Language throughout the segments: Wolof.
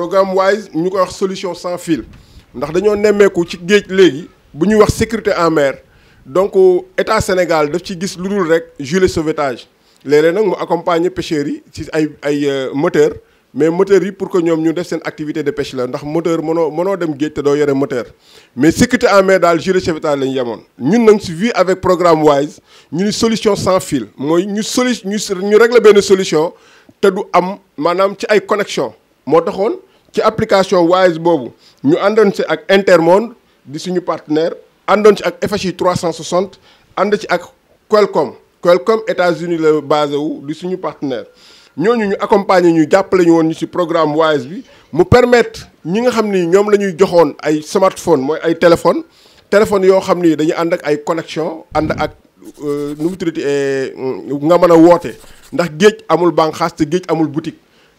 programme wise ñu koy wax solution sans fil ndax dañu néméku ci géej légui bu wax sécurité en mer donc état Sénégal daf ci gis lu rek gilet sauvetage lélé nak nag mu accompagner pêcheurs yi ci ay ay euh, moteur mais moteur yi pour que ñom ñu def sen activité de pêche la ndax moteur mono mono dem géej te moteur mais sécurité en mer dal gilet sauvetage la ñu ñun nag ci vie avec programme wise ñu ni solution sans fil moy ñu solu ñu régler ben solution te du am manam ci ay connexion mo taxone ci application Wise boobu ñu àndoon ci ak Intermonde di suñu partenaire àndoon ci ak FHI 360 ànd ci ak Qualcomm Qualcomm États-Unis la basé wu di suñu partenaire ñooñu ñu accompagner ñu jàppale ñu woon ñu ci programme Wise bi mu permettre ñi nga xam ni ñoom la ñuy joxoon ay smartphone mooy ay téléphone téléphone yoo xam ni dañuy ànd ak ay connexion ànd ak euh, nu mu tuddati eh, nga mën a woote ndax géej amul bànqaas te géej amul boutique.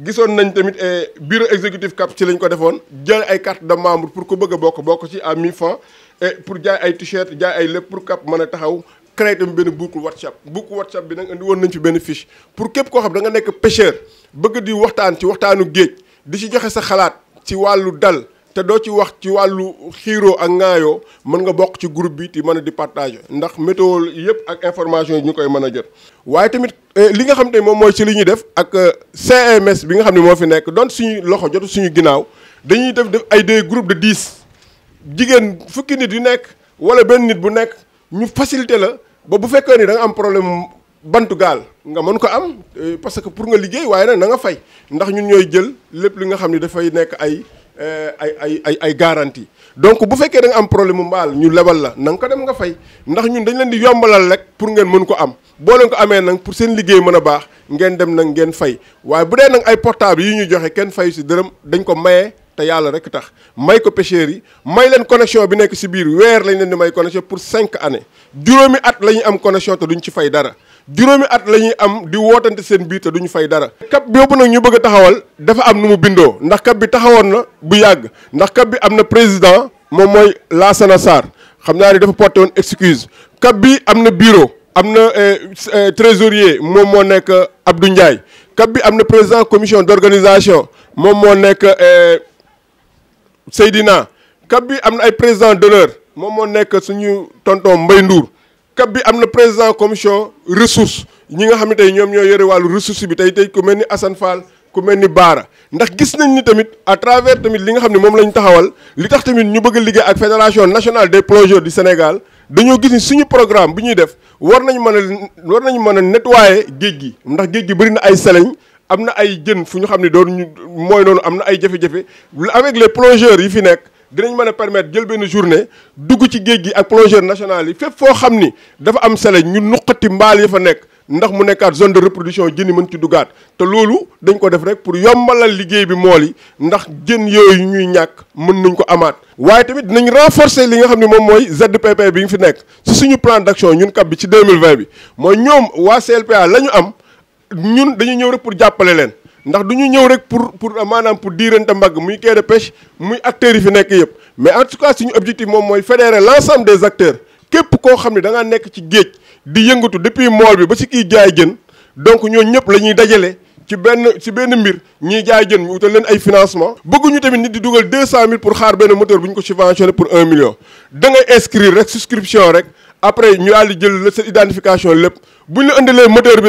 gisoon nañ tamit e bureau exécutif cap ci lañ ko defoon jël ay carte de membre pour ko bëgg a bokk bokk ci à mille francs et eh, pour jaay ay t-shirt jaay ay lépp pour cap mën a taxaw créé tamit benn boucle whatsapp boucle whatsapp bi nag indi woon nañ fi benn fiche pour képp koo xam da nga nekk pêcheur bëgg di waxtaan ci waxtaanu géej di ci joxe sa xalaat ci wàllu dal te doo ci wax ci wàllu xiiroo ak ŋaayoo mën nga bokk ci groupe bi ti mën a di partager ndax météo yëpp ak information yi ñu koy mën a jot waaye tamit Euh, li nga xam te moom mooy ci li ñuy def ak euh, CMS bi nga xam ne moo fi nekk doon suñu loxo jotu suñu ginnaaw dañuy def def ay des groupes de diis jigéen fukki nit yu nekk wala benn nit bu nekk ñu facilité la ba bu fekkee ni danga am problème bantu gaal nga mën ko am euh, parce que pour nga liggéey waaye nag na nga fay ndax ñun ñooy jël lépp li nga xam ne dafay nekk ay ay ay ay ay garantie donc bu vous da nga am problème mu Nous ñu lebal la na ko dem nga fay ndax ñun dañ leen di yombalal rek pour ngeen mën ko am leen ko pour seen liggéey baax ngeen dem ngeen fay bu vous ay portable yi ñu joxé kenn fay le, dërëm dañ ko mayé te yalla rek tax may ko may leen connexion bi nekk ci biir weer may connexion pour 5 années at lañu am connexion te duñ ci fay dara juróomi at la ñuy am di wootante seen biir te duñu fay dara. bi boobu nag ñu bëgg a taxawal dafa am nu mu bindoo ndax cap bi taxawoon na bu yàgg ndax cap bi am na président moom mooy Lassana Sarr xam naa ne dafa porté woon excuse bi am na bureau am na euh, euh, trésorier moom moo nekk euh, Abdou Ndiaye cap bi am na président commission d'organisation moom moo nekk Seydina cap bi am na ay président d'honneur moom moo nekk suñu tonton Mbaye Ndour CAP bi am na président commission ressource ñi nga xam ne tey ñoom ñoo yore wàllu ressource bi tey tey ku mel ni Assane Fall ku mel ni Baara ndax gis nañ ni tamit à travers tamit li nga xam ne moom la ñu taxawal li tax tamit ñu bëgg a liggéey ak fédération nationale des plongeurs du Sénégal dañoo gis ni suñu programme bu ñuy def war nañ mën a war nañu mën a nettoyer géej gi ndax géej gi bëri na ay seleñ am na ay jën fu ñu xam ne doon mooy noonu am na ay jafe-jafe avec les yi fi nekk. dinañ mëna permettre jël benn journée dugg ci géej gi ak plongeur national yi fepp fo xamni dafa am sele ñu nuqati mbal ya fa nekk ndax mu nekkaat zone de reproduction jën mën ci dugaat te lolu dañ ko def rek pour yombalal liggéey bi mool yi ndax jën yoy ñuy ñàkk mën nañ ko amaat waaye tamit dinañ renforcer li nga xamni mom moy ZPP bi nga fi nek ci suñu plan d'action ñun kab bi ci 2020 bi moy ñom wa CLPA lañu am ñun dañu ñëw rek pour jappalé len ndax duñu ñëw rek pour pour euh, manam pour dire mbag muy de pêche acteurs mais en tout cas suñu objectif fédérer l'ensemble des acteurs que koo xam da ngaa nekk ci depuis bi ba jaay donc ci ci mbir jaay financement bëgguñu tamit nit di pour xaar moteur pour 1 million da ngay inscrire rek subscription après ñu àlli jël identification bu la moteur bi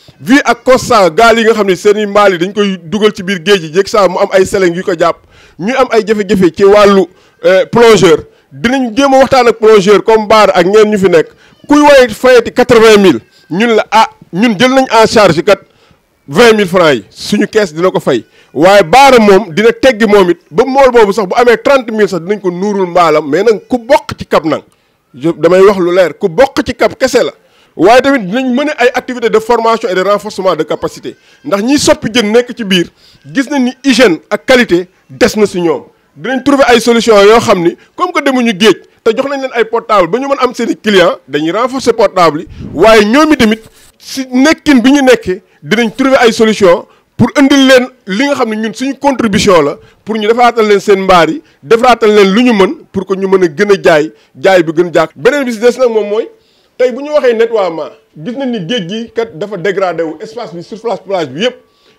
vu ak constat gaal yi nga xam ne seen i mbaal yi dañ koy dugal ci biir géej gi jéeg saa mu am ay seleng yu ko jàpp ñu am ay jafe-jafe ci wàllu eh, plongeur dinañ jéem a waxtaan ak plongeur comme Baar ak ngeen ñu fi nekk kuy waye fayati quatre-vingt mille ñun la ah ñun jël nañ en charge kat vingt mille francs yi suñu kees dina ko fay waaye Baara moom dina teggi moom it ba mool boobu sax bu amee trente mille sax dinañ ko nuurul mbaalam mais nag ku bokk ci kap nag damay wax lu leer ku bokk ci kap kese la Ouais, tamit dinañ menons ay activités de formation et de renforcement de capacité ndax ñiy soppi jën nekk ci biir gis nañ ni hygiène ak qualité des na si ñoom dinañ trouver ay solution à xam ni comme que demuñu géej te jox nañ leen ay portable ba ñu mën am clients de client dañuy renforcer portable yi waaye demain, tamit si nekkin bi ñu de dinañ trouver ay solution pour indil leen li nga xam ne ñun suñu contribution la pour ñu faire leen les mbaar yi defaraatal leen lu ñu mën pour que ñu menons a gën a jaay jaay Ben, nous jàkk beneen mon si tey bu ñu waxee nettoiement gis nañ ni géej gi kat dafa dégradé wu espace bi surface plage bi yëpp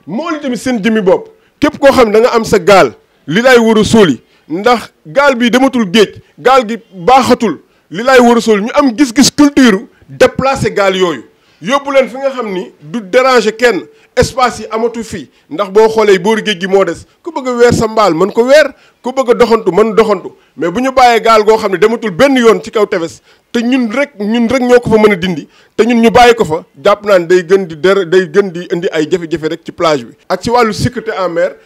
moo li tamit seen jëmmi bopp képp koo xam ne am sa gaal li lay war a sóoli ndax gaal bi dematul géej gaal gi baaxatul li lay war a sóoli ñu am gis-gis culture déplacé gaal yooyu yóbbu leen fi nga xam ni du déranger kenn espace yi amatu fi ndax boo xoolee boori géej gi moo des ku bëgg weer sa mbaal mën ko weer ku bëgg doxantu man doxantu mais bu ñu bàyyee gaal goo xam ne dematul benn yoon ci kaw tefes te ñun rek ñun rek ñoo ko fa mën a dindi te ñun ñu bàyyi ko fa jàpp naan day gën di der day gën di indi ay jafe-jafe rek ci plage bi. ak ci wàllu sécurité en mer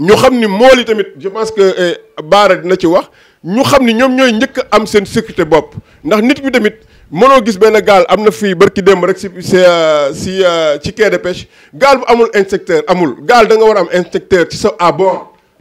ñu xam ni mool yi tamit je pense que eh, Baara dina ci wax. ñu xam ni ñoom ñooy njëkk am seen sécurité bopp ndax nit bi tamit mënoo gis benn gaal am na fii barki démb rek si si euh, euh, ci quai de pêche gaal bu amul inspecteur amul gaal da nga war a am inspecteur ci sa à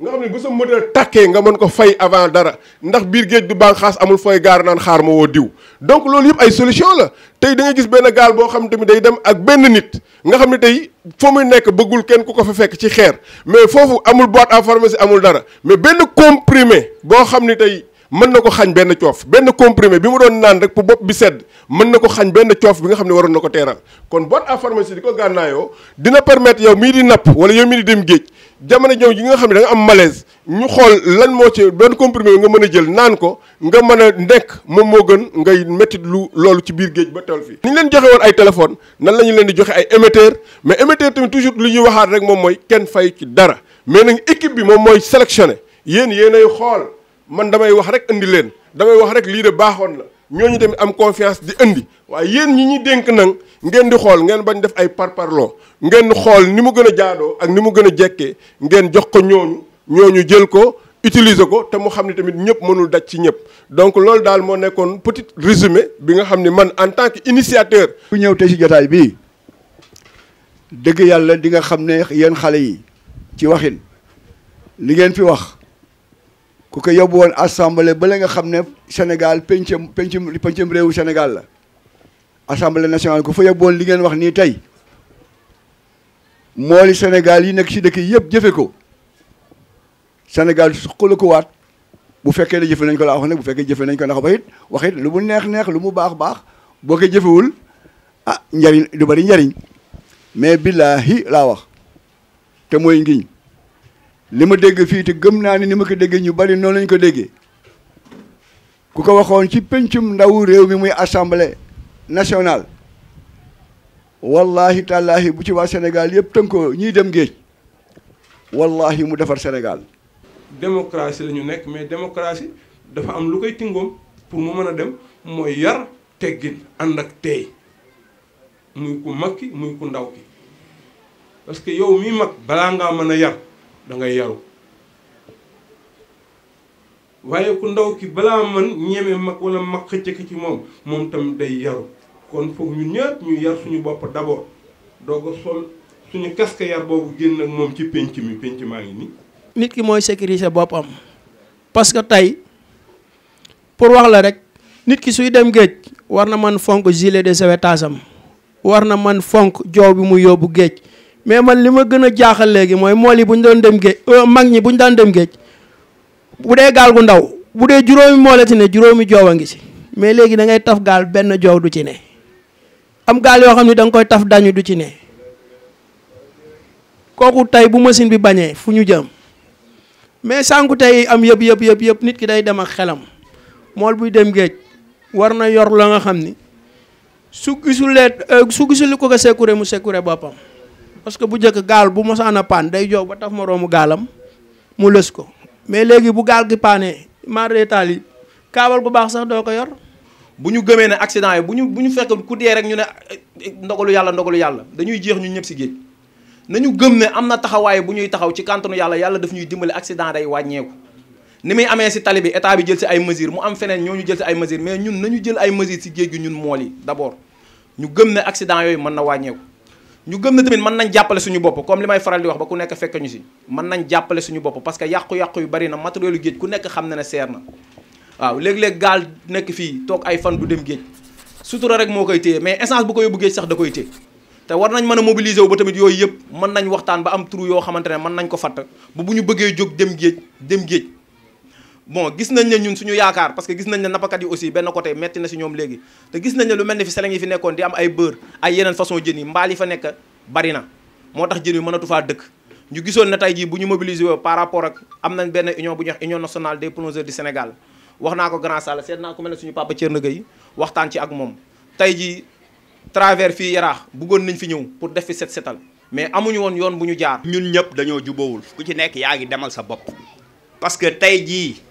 nga xam ne bu sa moteur tàkkee nga mën ko fay avant dara ndax biir géej du bànqaas amul fooy gaar naan xaar ma woo diw donc loolu yëpp ay solution la tey da gis benn gaal boo xam tamit day dem ak benn nit nga xam ne tey fa muy nekk bëggul kenn ku ko fa fekk ci xeer mais foofu amul boîte à pharmacie amul dara mais benn comprimé boo xam ne tey mën na ko xañ benn coof benn comprimé bi mu doon naan rek pour bopp bi sedd mën na ko xañ benn coof bi nga xam ne waroon na ko teeral kon boîte à pharmacie di ko gànnaayoo dina permettre yow mii di napp wala yow mii di dem géej jamono jaww ji nga xam ne da am malaise ñu xool lan moo ci benn comprimé nga mën a jël naan ko nga mën a nekk moom moo gën ngay méttit lu loolu ci biir géej ba toll fii. ni ñu leen joxe woon ay téléphone nan la ñu leen di joxe ay émetteur mais émetteur tamit toujours li ñuy waxaat rek moom mooy kenn fay ci dara mais nag équipe bi moom mooy sélectionné yéen yéenay xool man damay wax rek indi leen damay wax rek lii de baaxoon la. nous tamit am confiance di indi waaye yéen ñi ñi dénk nag ngeen di xool ngeen bañ def ay parparlo ngeen xool ni mu gën a ak ni mu gën a ngeen jox ko ñooñu ñooñu jël ko utiliser ko te mu xam tamit mënul donc loolu daal petit résumé bi nga man en tant que initiateur. nous ñëw ci jotaay bii dëgg yàlla di nga xam ne yéen yi ci ku ko yóbbu woon assemblée ba la nga xam ne Sénégal pencum pencum pencum réewu Sénégal la assemblée nationale ku fa yóbbu woon li ngeen wax nii tey mooli Sénégal yi nekk ci dëkk yëpp jëfe ko Sénégal suqala ko waat bu fekkee ne jëfe nañ ko laa wax nag bu fekkee jëfe nañ ko ndax ba it wax it lu mu neex neex lu mu baax baax boo ko jëfewul ah njariñ du bari njariñ mais billaahi laa wax te mooy ngiñ li ma dégg fii te gëm naa ni ni ma ko déggee ñu bari noonu lañ ko déggee ku ko waxoon ci pencum ndawu réew mi muy assemblée nationale wallahi tàllaahi bu ci waa senegal yëpp tënkoo ñiy dem géej wallahi mu defar Sénégal. démocratie la ñu nekk mais démocratie dafa am lu koy tingoom pour mu mën a dem mooy yar teggin ànd ak teey muy ku mag ki muy ku ndaw ki parce que yow miy mag balaa ngaa mën a yar. da ngay yaru waaye ku ndaw ki balaa man ñeme mag wala mag xëcc ci moom moom tamit day yaru kon foog ñu ñëpp ñu yar suñu bopp d'abord doog a sol suñu casque yar boobu génn ak moom ci penc mi penc maa ngi nii. nit ki mooy sécuriser boppam parce que tey pour wax la rek nit ki suy dem géej war na man fonk gilet de sauvetage war na man fonk joow bi mu yóbbu géej mais man li ma gën a jaaxal léegi mooy mool yi bu ñu doon dem géej euh, mag ñi bu ñu daan dem géej bu dee gaal gu ndaw bu dee juróomi moole ci ne juróomi joow a ngi ci mais léegi da ngay taf gaal benn joow du ci ne am gaal yoo xam ne danga koy taf dañu du ci ne kooku tey bu machine bi bañee fu ñu jëm mais sànku tey am yëpp yëpp yëpp yëpp nit ki day dem ak xelam mool buy dem géej war na yor la nga xam ni su gisulee euh, su gisul ko ko sécuré mu sécuré boppam parce que bu njëkk gaal bu mosaan a paan day jox ba taf moroomu gaalam mu lës ko mais léegi bu gaal gi paanee maareetaal yi kaabal bu baax sax doo ko yor. bu ñu gëmee ne accident yi bu ñu bu ñu fekk ku dee rek ñu ne ndogalu yàlla ndogalu yàlla dañuy jeex ñun ñëpp si géej nañu gëm ne am na taxawaay bu ñuy taxaw ci kàntanu yàlla yàlla daf ñuy dimbali accident day wàññeeku. ni muy amee si tali bi bi jël si ay mesures mu am feneen ñoo ñu jël si ay mesures mais ñun nañu jël ay mesures si géej gi ñun mool yi d'abord ñu gëm ne accident yooyu mën na wàññeeku. ñu gëm na tamit mën nañ jàppale suñu bopp comme li may faral di wax ba ku nekk fekk ñu si mën nañ jàppale suñu bopp parce que yàqu-yàqu yu bari na matériel yu géej ku nekk xam na seer na waaw léeg-léeg gaal nekk fii toog ay fan du dem géej sutura rek moo koy téye mais essence bu ko yóbbu géej sax da koy téye te war nañ mën a mobiliser wu ba tamit yooyu yëpp mën nañ waxtaan ba am trou yoo xamante ne mën nañ ko fatt ba bu ñu bëggee jóg dem géej dem géej bon gis nañ ne ñun suñu yaakar parce que gis nañ ne napakat yi aussi benn côté metti na si ñoom léegi te gis nañ ne lu mel ne fi seleng yi fi nekkoon di am ay bër ay yeneen façon jën yi mbaal yi fa nekk bari na moo tax jën yi mënatu faa dëkk ñu gisoon ne tey jii bu ñu mobiliser woo par rapport ak am nañ benn union bu ñuy wax union nationale des plongeurs du Sénégal wax naa ko grand salle seet naa ko mel ne suñu papa Thierno Gueye waxtaan ci ak moom tey jii travers fii yaraax bëggoon nañ fi ñëw pour def fi set setal mais amuñu woon yoon bu ñu jaar ñun ñëpp dañoo jubóowul ku ci nekk yaa ngi demal sa bopp parce que tey jii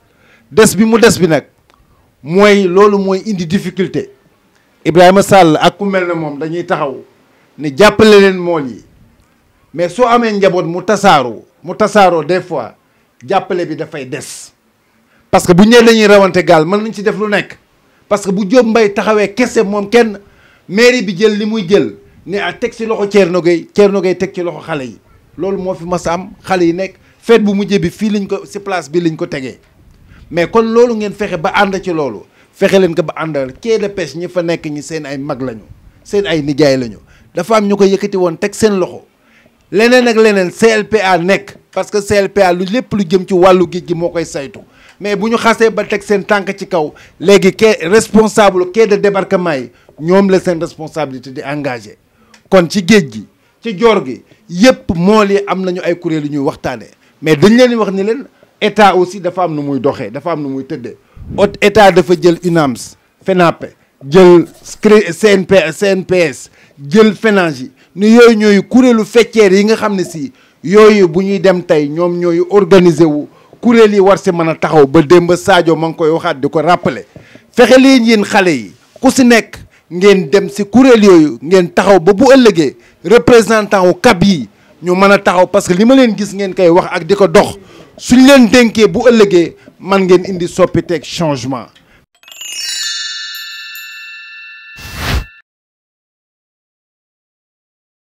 des bi mu des bi nak moy lolu moy indi difficulté Ibrahima Sall ak ku melne ne dañuy taxaw ni jappale len mool yi mais so amee njaboot mu tasaaroo mu tasaaroo des fois jappale bi fay des. parce que bu ñëwee dañuy rawante gal mën nañ ci def lu nek parce que bu job mbay taxawé kese mom kenn mairie bi jël limuy jël ne a ah, teg ci loxo Thierno gay, Thierno Gueye teg ci loxo xalé yi loolu mo fi ma sam am yi nek fête bu mujjee bi fi liñ ko ci place bi liñ ko mais kon loolu ngeen fexe ba ànd ci loolu fexe leen ko ba ànd quai de ñi fa nekk ñi seen ay mag lañu seen ay nijaay lañu dafa am ñu ko yëkkati woon teg seen loxo leneen ak leneen CLPA nekk parce que CLPA lu lépp lu jëm ci wàllu géej gi moo koy saytu mais bu ñu xasee ba teg seen tànk ci kaw léegi quai responsable quai de débarquement yi ñoom la seen responsabilité di engagé kon ci géej gi ci joor gi yëpp mool li am nañu ay kuréel yu ñuy waxtaanee mais dañ leen wax ni leen. état aussi dafa am nu muy doxee dafa am nu muy tëddee ot état dafa jël UNAMS FENAP jël CNP CNPS jël FENAGI ni ne yooyu ñooyu kuréelu fecceer yi nga xam ne si yooyu bu ñuy dem tey ñoom ñooy organiser wu kuréel yi war si mën a taxaw ba démb Sadio ma ngi koy waxaat di ko rappeler fexe leen yéen xale yi ku si nekk ngeen dem si kuréel yooyu ngeen taxaw ba bu ëllëgee représentant wu CAB yi ñu mën a taxaw parce que li ma leen gis ngeen koy wax ak di ko dox suñ leen dénkee bu ëllëgee man ngeen indi soppiteeg changement